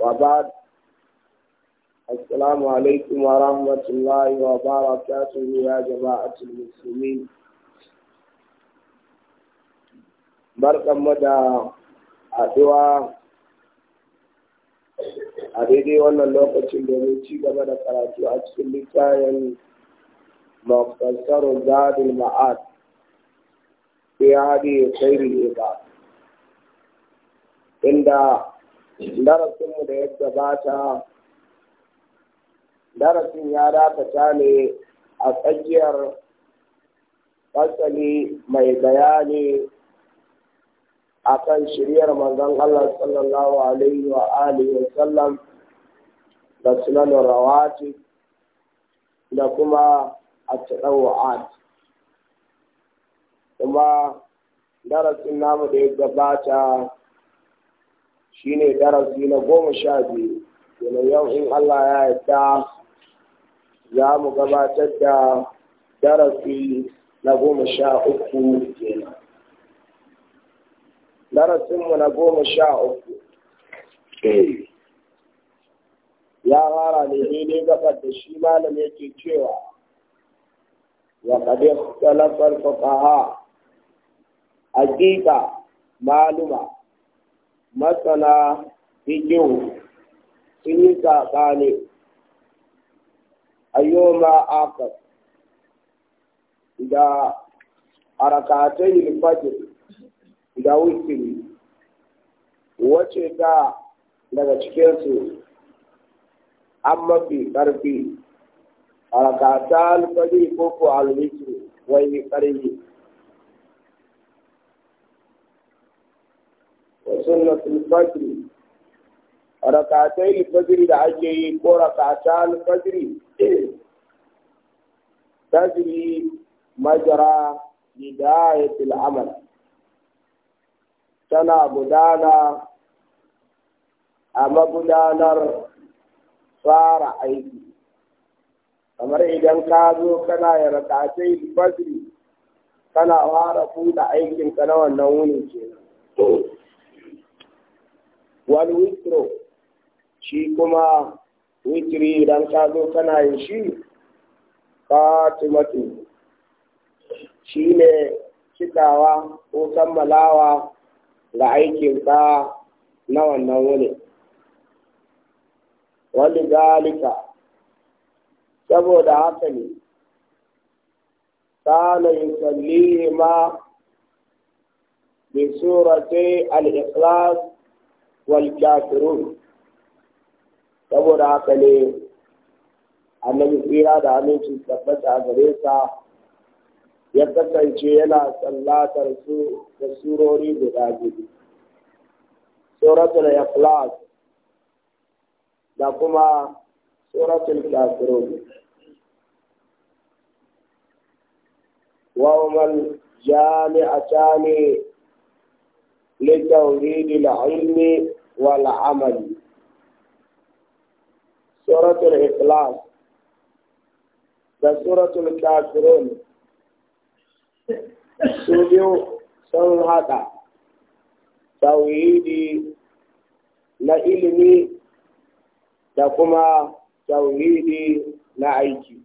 وبعد السلام عليكم ورحمة الله وبركاته يا جماعة المسلمين barkan mu da haɗuwa a daidai wannan lokacin domin ci gaba da karatu a cikin littafin mafasarun zadin ma'ad fi inda darasinmu da ya gabata darasin ya dakata ne a tsakiyar fasali mai bayani a kan shiryar manzon Allah sallallahu alaihi wa alihi wa sallam da sunanin rawati da kuma a wa'ad kuma darasin namu da ya gabata Shi ne darasi na goma sha biyu yana yau in Allah ya yarda za mu gabatar da darasi na goma sha uku kenan darasinmu na goma sha uku ya fara ne daidai gabar da shi malam yake cewa wa kadai talafar a hakika maluma matsala fikihu sun yi saɓani ma akas da harakatai fajr da wikiri wace ta daga cikinsu an mafi ƙarfi harakata alfajir ko ko alwikiri wai ƙarfi وسنة الفجر ركعتي الفجر دعجي كو ركعتا الفجر تجري مجرى بداية العمل تنا بدانا أما بدانر صار أيدي kamar idan ka zo kana ya rakatai fasiri kana fara buɗe aikin ka na wannan wunin kenan Wani witro shi kuma wikiri idan ka zo kana yin shi fatimatu shi ne cikawa ko kammalawa ga aikinka na wannan wuni wani galika saboda haka ne kana kalli ma bi surati al-ikhlas wal kafirun saboda haka ne annabi tsira da aminci tabbata a gare sa ya kasance yana sallatar su da surori guda biyu suratul ikhlas da kuma suratul kafirun وهما الجامعتان لتوحيد العلم والعمل سورة الإخلاص da suratul kafirun su biyu sun haɗa tauhidi na ilimi da kuma tauhidi na aiki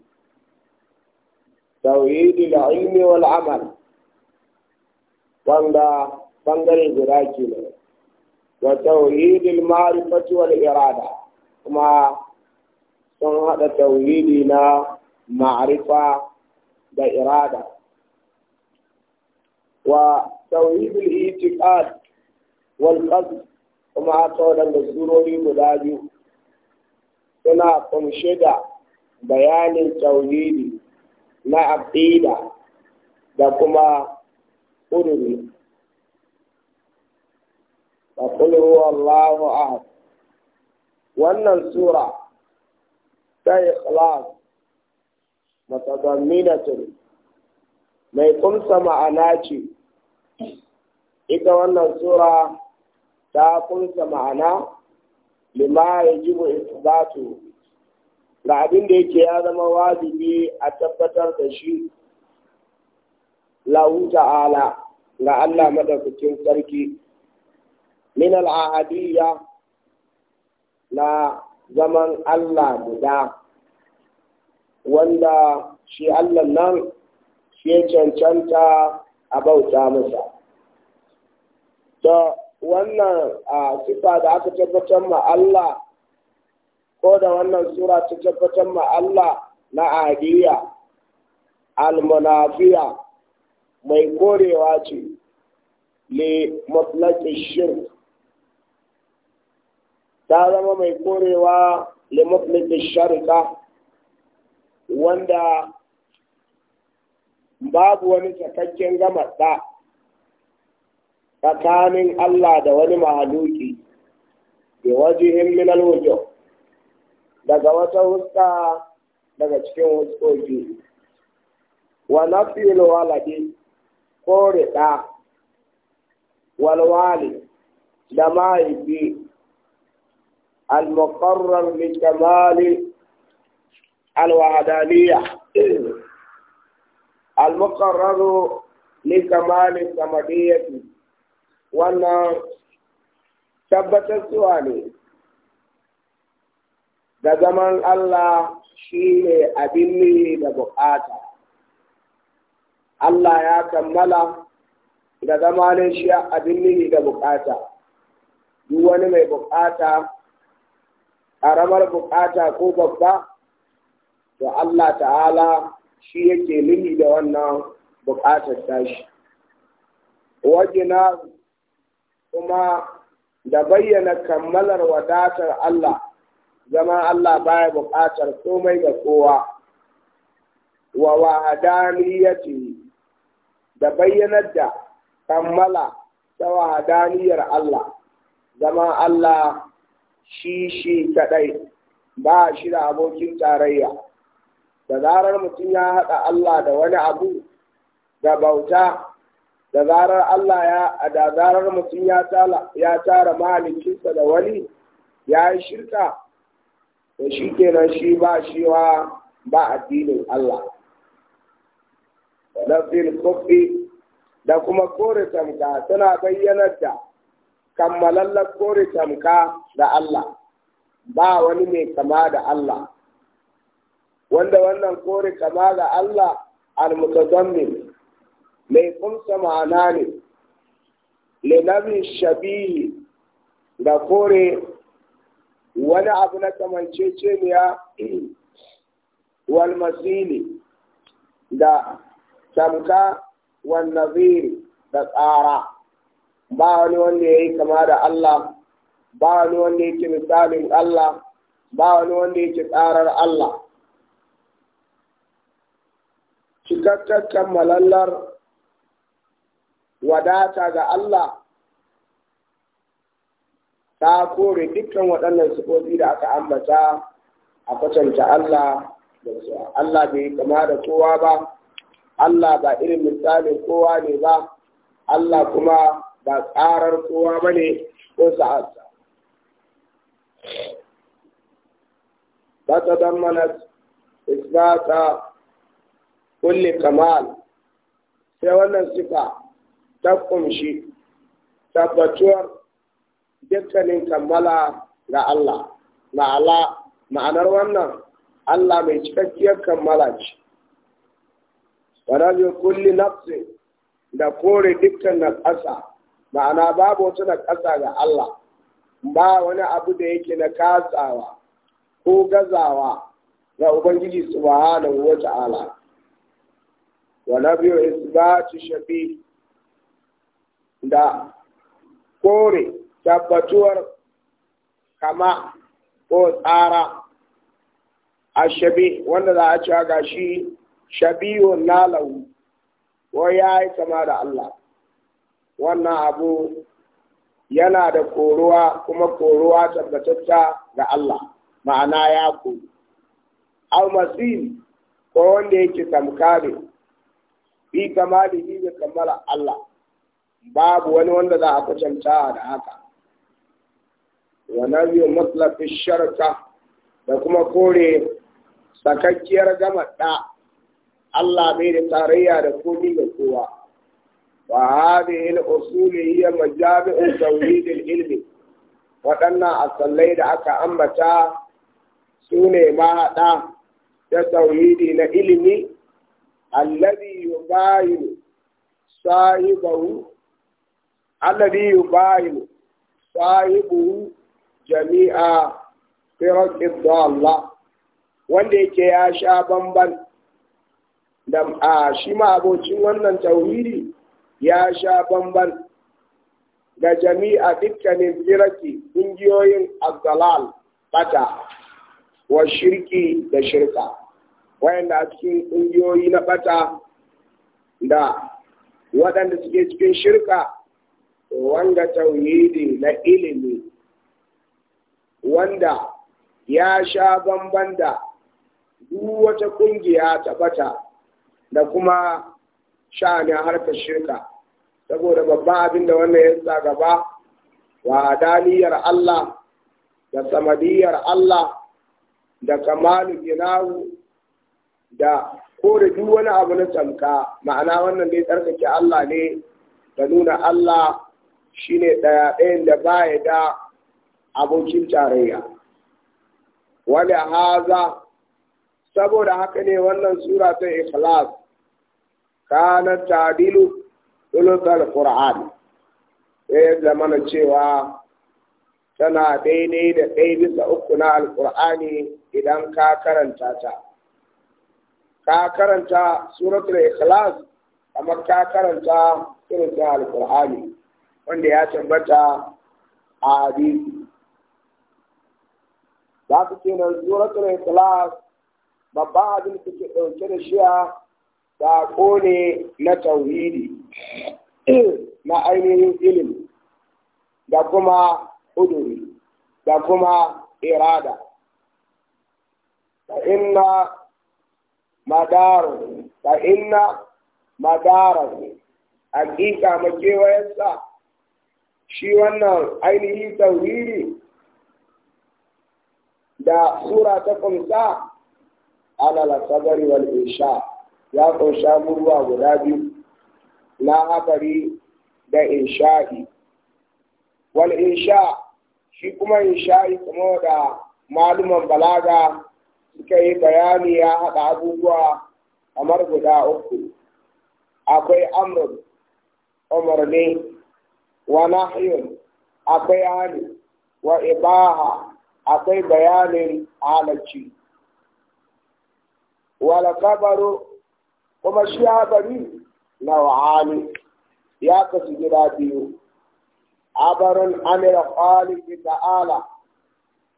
tauhidi da ilmi wal amal wanda bangare guda kenan wa tauhidil ma'rifati irada kuma sun haɗa tauhidi na maarifa da irada wa tauhidil itiqad wal kuma haka waɗanda surori guda biyu suna kumshe da bayanin tauhidi na aqida da kuma ƙuduri a kulhu Allahu ahad wannan sura ta ikhlas matadamminatun mai kumsa ma'ana ce ita wannan sura ta kumsa ma'ana lima ya jibu ga abin da yake ya zama wazi ne a tabbatar da shi lahu ta'ala ga Allah madaukakin sarki min al'ahadiyya na zaman Allah guda wanda shi Allah nan shi ya cancanta a bauta masa. Da wannan a sifa da aka tabbatar ma Allah ko da wannan sura ta tabbatar ma Allah na adiya almanafiya mai korewa ce le matlaki shirk ta zama mai korewa limuflitin sharika wanda babu wani cikakken gama ta tsakanin Allah da wani mahaluki bi wajihin min wujo daga wata huska daga cikin huskoki wa nafil waladi ko riɗa walwali da mahaifi المقرر من كمال الوحدانية المقرر لكمال الصمدية وأن ثبت السؤال da zaman Allah shi ne abin da bukata. Allah ya kammala da zamanin shi abin da bukata, duk wani mai bukata ƙaramar bukata ko babba to Allah ta'ala shi yake nuni da wannan buƙatar tashi wajina kuma da bayyana kammalar wadatar Allah zama Allah baya bukatar komai ga kowa wa wahadaniyati da bayyanar da kammala ta wahadaniyar Allah zama Allah shi shi kaɗai ba shi da abokin tarayya da zarar mutum ya haɗa Allah da wani abu da bauta da zarar Allah ya da zarar mutum ya tara ya malikinsa da wani ya yi shirka da shi kenan shi ba shi wa ba addinin Allah da fil da kuma kore tamka tana bayyanar da kammalallar kore tamka da Allah ba wani mai kama da Allah wanda wannan kore kama da Allah almutazammin mai kumsa ma'ana ne lenabi shabihi da kore wani abu na kamanceceniya walmasili da tamka wannaziri da tsara ba wani wanda ya yi kama da Allah ba wani wanda yake misalin Allah ba wani wanda yake tsarar Allah cikakken malallar wadata ga Allah ta kore dukkan waɗannan sufofi da aka ambata a kwatanta Allah da su Allah bai kama da kowa ba Allah ba irin misalin kowa ne ba Allah kuma ba tsarar kowa ba ne ko Ba ta don mana isbata kulle kamal sai wannan sifa ta kumshi tabbatuwar dukkanin kammala ga Allah ma'ala ma'anar wannan Allah mai cikakkiyar kammala ce wa kulli nafsi da kore dukkan na ma'ana babu wata na ƙasa ga Allah ba wani abu da yake na katsawa ko gazawa ga Ubangiji subhanahu wa ta'ala wa nabiyu isbatu shafi da kore tabbatuwar kama ko tsara a shabi wanda za a ci ga shi wa lalawu ko ya yi kama da Allah wannan abu yana da koruwa kuma koruwa tabbatatta ga Allah ma'ana ya koru Almasin, ko wanda yake tamkare bi kamalihi da kammala Allah babu wani wanda za a kwatanta da haka wa nabiyu matlafi sharka da kuma kore sakakkiyar gama da Allah bai da tarayya da komi ga kowa وهذه الأصول هي مجامع توحيد العلم waɗannan asalai da aka ambata sune ne mahaɗa ta tauhidi na ilimi alladhi yubayin sahibahu alladhi yubayin sahibuhu jami'a firat Allah wanda yake ya sha bamban da a wannan tauhidi ya sha bamban ga jami'a dukkanin firaki ƙungiyoyin azalal bata wa shirki da shirka wayanda a cikin ƙungiyoyi na bata da waɗanda suke cikin shirka wanga tauhidi na ilimi wanda ya sha bamban da duk wata ƙungiya ta bata da kuma sha'anin harkar shirka saboda babba abin da wannan ya sa gaba wa Allah da samadiyar Allah da kamalu ginawu da kore duk wani abu na tamka ma'ana wannan dai tsarkake Allah ne da nuna Allah shine ɗaya ɗayan da baya da abokin tarayya wani haza saboda haka ne wannan sura ta ikhlas kana tadilu sulutar sai ya zamana cewa tana daidai da ɗaya bisa uku na alƙur'ani idan ka karanta ta ka karanta suratul ikhlas kamar ka karanta suratul alƙur'ani wanda ya tambata a hadisi za ku ce nan suratul ikhlas babban abin da ke ɗauke da a sako ne na tauhidi na ainihin ilimi da kuma huduri da kuma irada inna madaru ta inna madaru hakika shi wannan ainihin tauhidi da sura ta kumsa alal sadari wal insha' ya ƙunshi abubuwa guda biyu na habari da insha'i wal insha shi kuma insha'i kuma da maluman balaga suka yi bayani ya haɗa abubuwa kamar guda uku akwai amr umarni wa nahyun akwai hali wa ibaha akwai bayanin halacci wal kabaru kuma shi ya bari na nau'ani ya kasu gida biyu a barin amira kwaliki ta'ala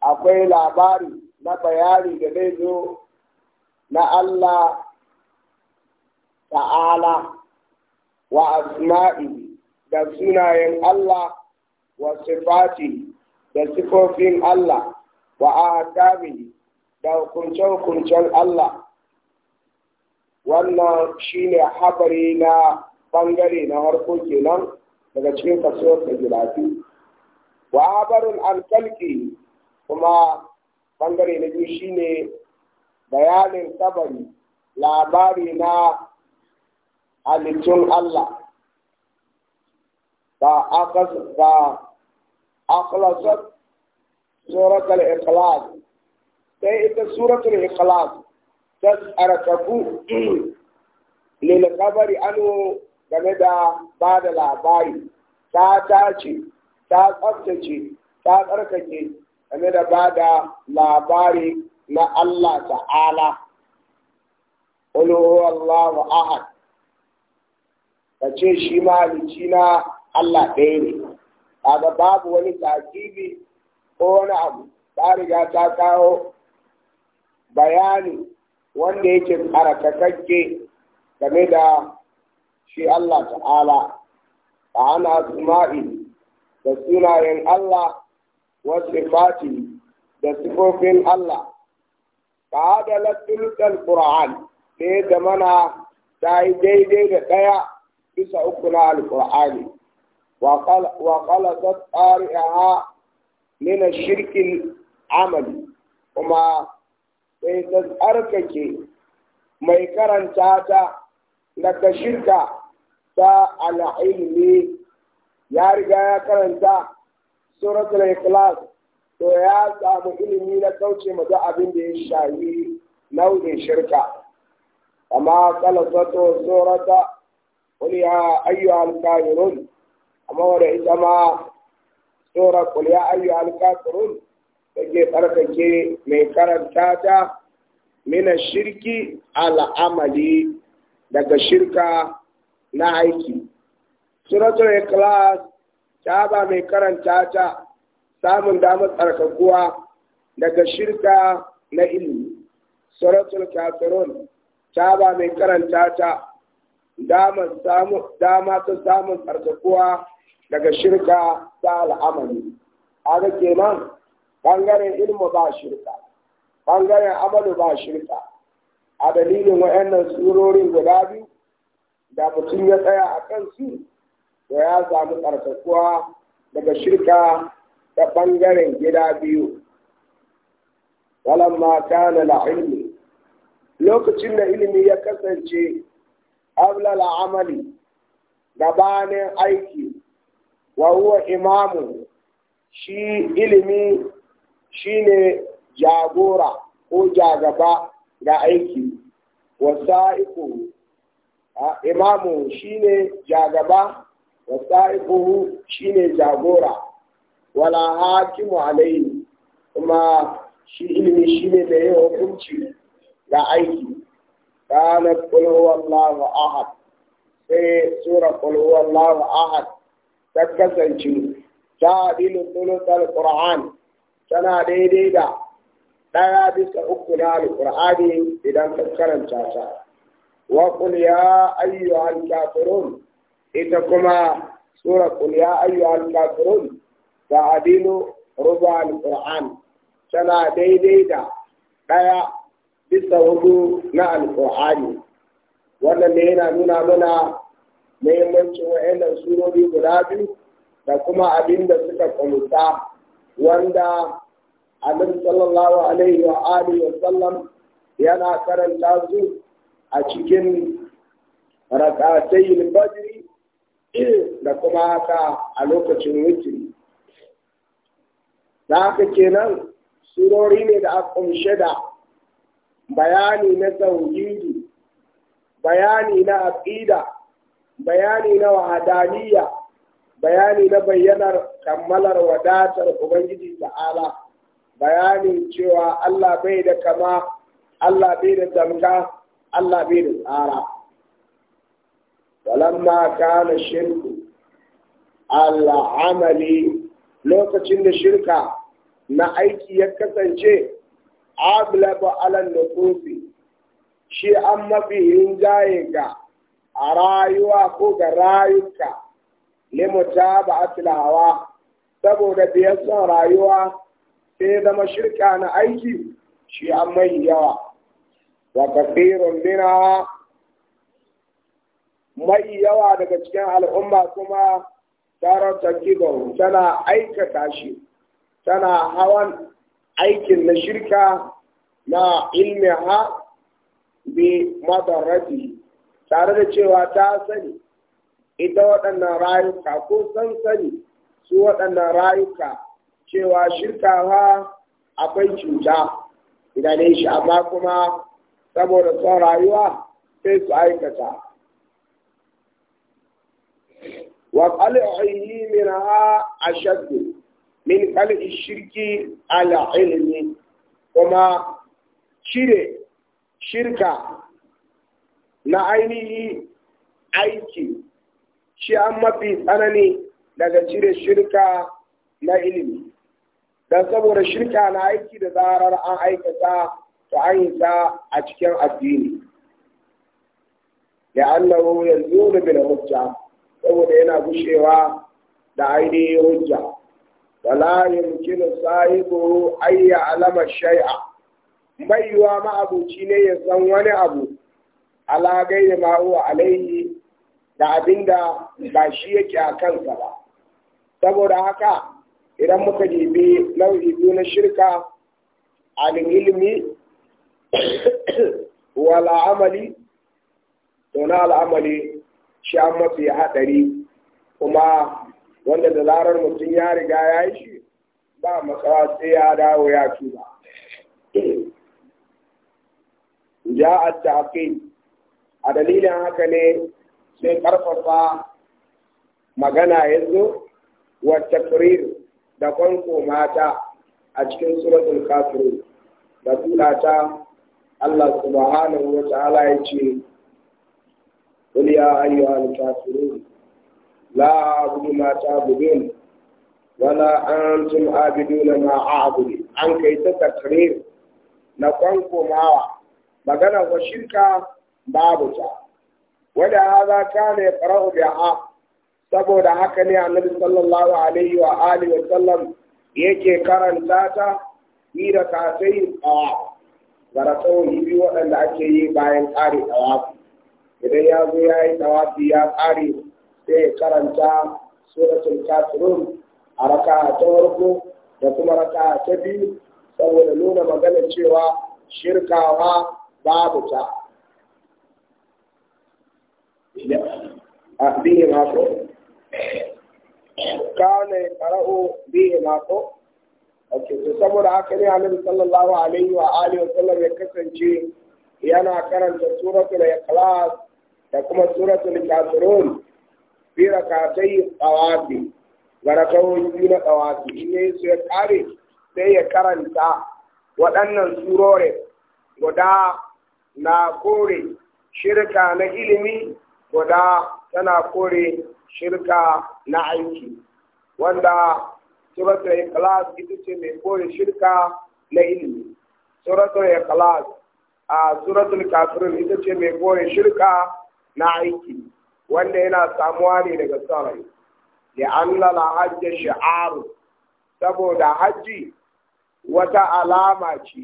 akwai labari na bayani da zai zo na Allah ta'ala wa asma'i da sunayen Allah wa sifati da sifofin Allah wa a da hukunce-hukuncen Allah wannan shine habari na ɓangare na harko kenan daga cikin kasuwar sajilati wa habarun alkalki kuma ɓangare na biyu shine bayanin sabari labari na halittun Allah ba aklasar suratul ikhlas sai ita suratul ikhlas arkaku lil kabari anu game da ba labari ta tace ta tsaftace ta tsarkake game da ba labari na Allah ta'ala Qul huwallahu ahad kace shi ma na Allah ɗaya ne kaga babu wani takibi ko wani abu ta riga ta kawo bayani wanda yake kake game da shi Allah ta'ala a ana asma'i da sunayen Allah wasu sifati da sifofin Allah ta da tilkal Qur'an ne da mana ta yi daidai da ɗaya bisa uku na alƙur'ani wa qalasat qari'aha min ash amali kuma sai eh, ta tsarkake mai karanta ta daga shirka ta al'ilmi ya riga ya karanta suratul ikhlas to ya samu ilimi na kauce ma abin da ya shayi nau'in shirka amma kalasato surata wani ya ayyuhal kafirun amma wanda ita ma sura qul ya ayyuhal kafirun take tsarkake mai karanta ta mina shirki al'amali daga shirka na aiki. Suratul Ikhlas ta ba mai karanta ta samun damar tsarkakuwa daga shirka na ilimi. Suratul Kafirun ta ba mai karanta ta dama ta samun tsarkakuwa daga shirka ta al'amali. ke kenan bangaren ilmu ba shirka bangaren amalu ba shirka a dalilin wa'annan surorin guda biyu da mutum ya tsaya a kan su da ya samu tsarkakuwa daga shirka ta bangaren gida biyu walamma kana la ilmi lokacin da ilimi ya kasance abla amali gabanin aiki wa huwa imamu shi ilimi shine jagora ko jagaba ga aiki wasa'iku imamu shine jagaba wasa'iku shine jagora wala hakimu alayhi kuma shi ilimi ne da yin hukunci ga aiki na qul huwallahu ahad sai sura qul huwallahu ahad ta kasance ta dilu sulutul qur'an tana daidai da ɗaya bisa uku na alƙur'ani idan ka karanta ta wa ya ayyuhal kafirun ita kuma sura qul ya ayyuhal kafirun ta adilu ruba alƙur'an tana daidai da ɗaya bisa hudu na alƙur'ani wannan ne yana nuna mana muhimmancin wa'annan surori guda biyu da kuma abin da suka kwamta wanda annabi sallallahu alaihi wa alihi wa sallam yana karanta su a cikin rakatai badri da kuma haka a lokacin witri da haka kenan surori ne da aka kunshe da bayani na tauhidi bayani na aqida bayani na wahadaniya bayani na bayyanar kammalar wadatar ubangiji ta'ala bayanin cewa Allah bai da kama Allah bai da zamga Allah bai da tsara walamma kana shirku al'amali lokacin da shirka na aiki ya kasance ablaba alan Kofi, shi an mafi rinjaye ga a rayuwa ko ga rayuka limutaba filawa, saboda biyan son rayuwa sai zama shirka na aiki shi an mai yawa wa kafirun mina mai yawa daga cikin al'umma kuma tarar takibon tana aikata shi tana hawan aikin na shirka na ilmiha bi madarati tare da cewa ta sani ita waɗannan rayuka ko san sani su waɗannan rayuka cewa shirkawa akwai cuta idan shi amma kuma saboda son rayuwa sai su aikata wa qal'ihi minha ashadd min qal'i shirki ala ilmi kuma cire shirka na ainihi aiki shi an mafi tsanani daga cire shirka na ilimi dan saboda shirka na aiki da zarar an aikata to an yi ta a cikin addini Allah ya yanzu bil hujja saboda yana gushewa da ainihin hujja wala yumkin sahibu ayya alama shay'a baiwa ma'abuci ne ya san wani abu ala gairi ma huwa alaihi da abinda ba shi yake a kansa ba saboda haka idan muka jibi nau'i biyu na shirka alin ilimi, wa al'amali, to na al'amali shi an mafi haɗari kuma wanda da zarar mutum ya riga ya yi shi ba matsawa sai ya dawo ya tuba ja a a dalilin haka ne sai ƙarfafa magana yanzu wa tafrir da kwanko mata a cikin suratul kafirun da tura ta Allah subhanahu wata ta'ala ya ce قل يا أيها mata لا أعبد ما تعبدون ولا أنتم عابدون ما أعبد an kai ta takrir na kwanko mawa magana wa shirka babu ta wanda haza kana yaqra'u saboda haka ne annabi sallallahu alaihi wa alihi wa sallam yake karanta ta yi da kasai a gara tsawon biyu waɗanda ake yi bayan tsari tawafi idan ya zo ya yi ya tsari sai ya karanta suratul kafirun a raka ta farko da kuma raka ta biyu saboda nuna magana cewa shirkawa babu ta. Bihin kana ya qara'u bihi mako? ake to saboda haka ne annabi sallallahu alaihi wa alihi wa sallam ya kasance yana karanta suratul ikhlas da kuma suratul kafirun bi rakatai tawafi barakawo biyu na tawafi in yayi su ya kare sai ya karanta waɗannan surore guda na kore shirka na ilimi guda tana kore shirka na aiki wanda suratul ikhlas ita ce mai kore shirka na ilimi suratul ikhlas a suratul kafirun ita ce mai kore shirka na aiki wanda yana samuwa ne daga sarai li'anna al hajji shi'aru saboda hajji wata alama ce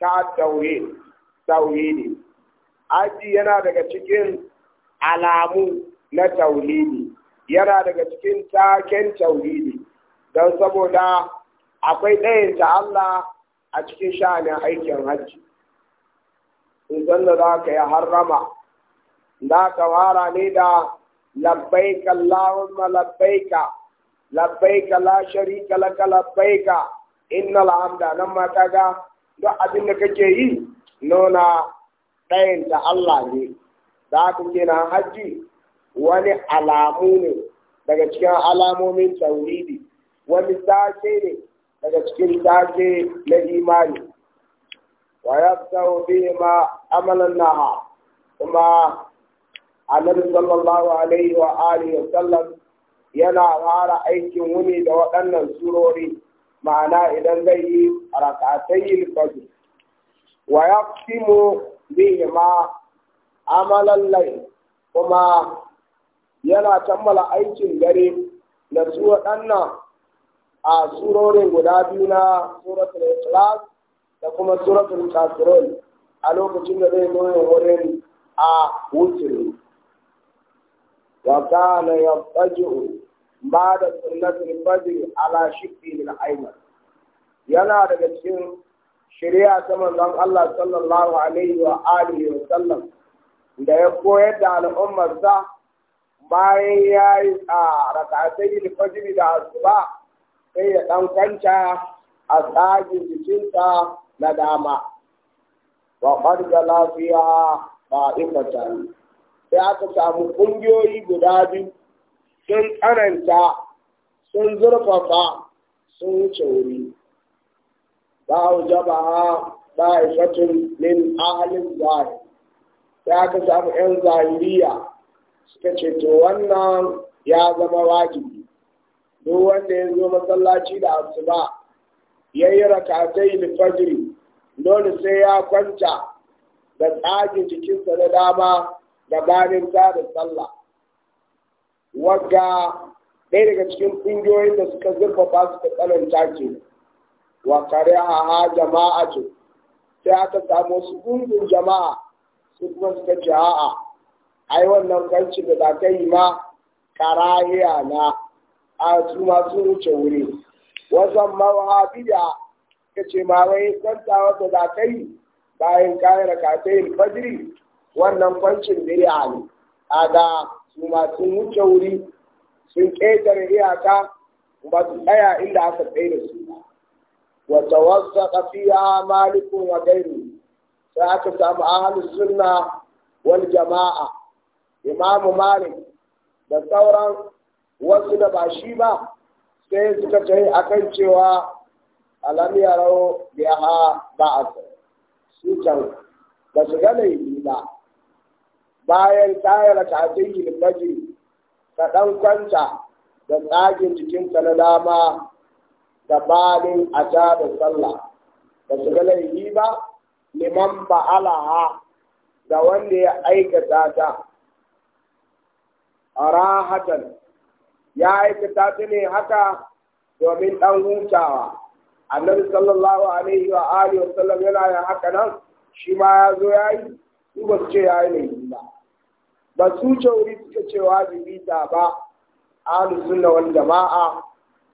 ta tauye ne. hajji yana daga cikin alamu na tauhidi yana daga cikin taken tauhidi don saboda akwai ɗayan ta Allah a cikin sha'anin aikin hajji in da za ka yi harrama za ka fara ne da labbaika Allahumma labbaika labbaika la sharika laka labbaika innal nan ma ga duk abin da kake yi nuna ɗayan ta Allah ne za ka kenan hajji wani alamu ne daga cikin alamomin tauridi. wani sace ne daga cikin sace na imani wa yabtau bihi ma amalan naha kuma annabi sallallahu alaihi wa alihi wa sallam yana fara aikin wuni da waɗannan surori ma'ana idan zai yi rak'atayil fajr wa yaqsimu bihi ma amalan lai kuma yana kammala aikin dare da su waɗannan a surorin guda biyu na suratul ikhlas da kuma suratul kafirun a lokacin da zai zoye wurin a wutiri wa kana yattaji'u ba da sunnatul fajr ala shiqqi min ayman yana daga cikin shari'a ta manzon Allah sallallahu alaihi wa alihi wa sallam da ya koyar da al'ummarsa bayan ya yi a rakatai fajiri da asuba sai ya ɗan kwanta a tsagin jikinsa na dama wa lafiya ba ifatan sai aka samu ƙungiyoyi guda biyu sun tsananta sun zurfafa sun wuce wuri ba wajaba ba ifatun min ahalin zahiri sai aka samu 'yan zahiriya suka ce to wannan ya zama wajibi duk wanda ya zo masallaci da asuba ya yi rakatai da fajiri dole sai ya kwanta da tsagin jikinsa na dama gabanin ta da sallah wagga ɗaya daga cikin ƙungiyoyin da suka zurfafa su da tsananta ke wa kare ha jama'a ce sai aka samu su ƙungiyar jama'a su kuma suka ce a'a ai wannan kwanci da ba ka ma karahiya na a su masu wuce wuri wasan mawahabiya ka ce ma wai kwanta wata za ka yi bayan kayan rakatayin fajiri wannan kwancin bid'a ne a da su masu wuce wuri sun ƙetare iyaka ba su tsaya inda aka tsaye da su Wata tawassaqa fiha malikun wa ghayru sai aka samu ahlus sunna wal jama'a imamu malik da sauran wasu da ba shi ba sai suka ce akan cewa ya ha ba a su can ba su ga yi ba bayan tayar kafin ilmaji ka dan kwanta da tsagin jikinta na dama da balin a da sallah ba su ga yi ba liman ha da wanda ya aikata ta Arahatan, ya aikata ta ne haka domin ɗan hutawa annabi sallallahu alaihi wa alihi wasallam yana yin haka nan shi ma ya zo ya yi su ba su ce ya yi ba ba su ce wuri suka ce wajibi ta ba ahlus sunna wal jama'a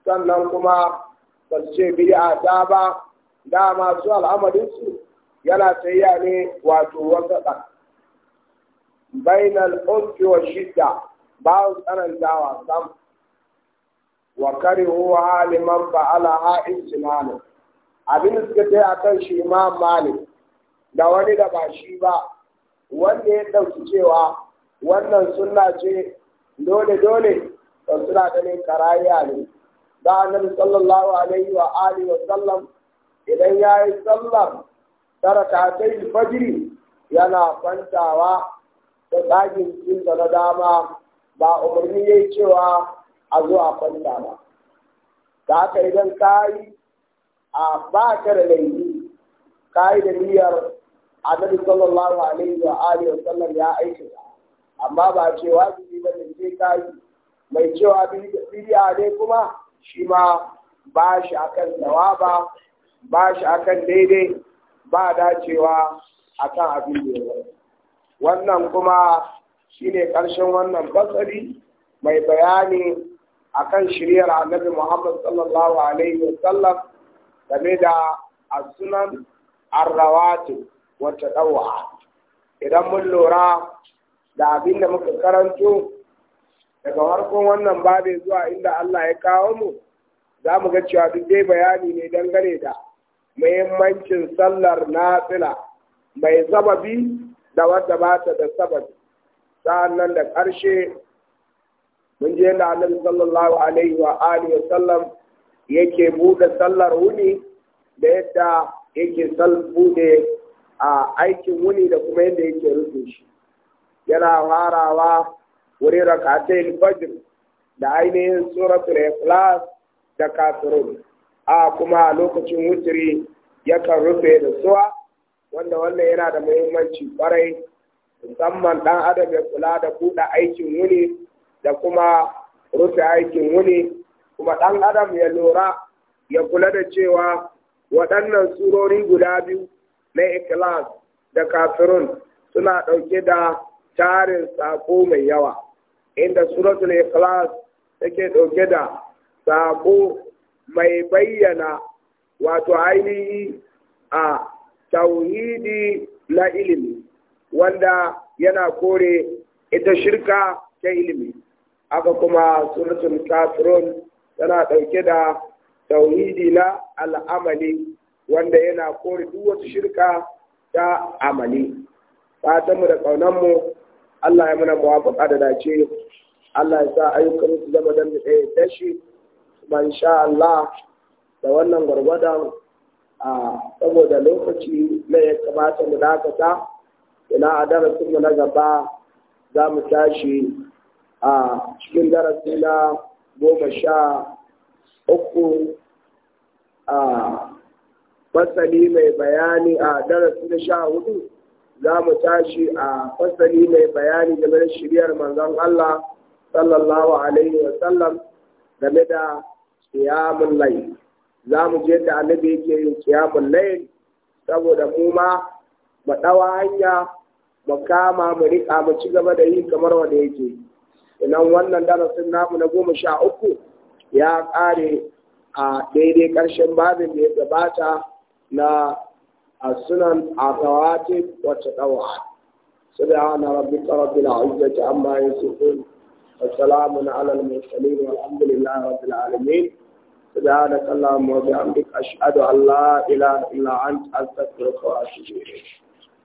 sannan kuma ba su ce bid'a ta ba da masu al'amarin su yana tsayya ne wato wasa bainal ulfi wa shidda babu tsanantawa sam wa karihu haliman fa'ala ha'in jinanin abin da suka taya kan shi imam malik da wani da ba shi ba wanda ya ɗauki cewa wannan sunna ce dole dole da suna ganin karaya ne da annabi sallallahu alaihi wa alihi wa sallam idan ya yi sallar tarakatai fajiri yana kwantawa da tsakin cikin na dama ba umarni ya yi cewa a zo a kwanta ba da haka yi ka yi a ba ka da laifi kayi yi da niyyar annabi sallallahu alaihi wa alihi wa sallam ya aiki amma ba cewa su ba ne sai ka mai cewa bidiya ne kuma shi ma ba shi akan ba, ba shi akan daidai ba dacewa akan abin da wannan kuma shine ƙarshen wannan basari mai bayani akan shiryar annabi Muhammad sallallahu alaihi wa game da asunan sunan wata rawatib idan mun lura da abin da muka karanto daga farkon wannan babe zuwa inda Allah ya kawo mu za mu ga cewa duk dai bayani ne dangane da muhimmancin sallar nafila mai sababi da wadda ba ta da sababi sa'annan da ƙarshe mun je da annabi sallallahu alaihi wa alihi wa sallam yake buɗe sallar wuni da yadda yake sal buɗe a aikin wuni da kuma yadda yake rufe shi yana farawa wurin rakatai fajr da ainihin suratul ikhlas da kafirun a kuma a lokacin wutiri yakan rufe da suwa wanda wannan yana da muhimmanci kwarai musamman ɗan adam ya kula da buɗe aikin wuni da kuma rufe aikin wuni kuma ɗan adam ya lura ya kula da cewa waɗannan surori guda biyu na ikilas da kafirun suna ɗauke da tarin saƙo mai yawa inda suratul ikilas take ɗauke da saƙo mai bayyana wato ainihi a tauhidi na ilimi wanda yana kore ita shirka ta ilimi aka kuma suratul kafirun tana ɗauke da tauhidi na al'amali wanda yana kore duk shirka ta amali fatanmu da ƙaunanmu Allah ya muna muwafaƙa da dace Allah ya sa ayyukan su zama dan ɗaya dashi kuma insha Allah da wannan gwargwadon a saboda lokaci ne ya kamata mu dakata ina a darasinmu na gaba za mu tashi a cikin darasi na goma sha uku a fasali mai bayani a darasi na sha hudu za mu tashi a fasali mai bayani game da shiryar manzon Allah sallallahu alaihi wa sallam game da kiyamun lai za mu je da annabi yake yin kiyamun lai saboda kuma. mu ɗawa hanya mu kama mu riƙa mu ci gaba da yi kamar wanda yake idan wannan darasin namu na goma sha uku ya ƙare a daidai ƙarshen babin da ya gabata na a sunan a kawace wacce ɗawa su da na rabbi tsarabi na a an bayan sukun السلام على su da لله na kalla سبحانك اللهم وبحمدك اشهد ان لا اله الا انت استغفرك واتوب اليك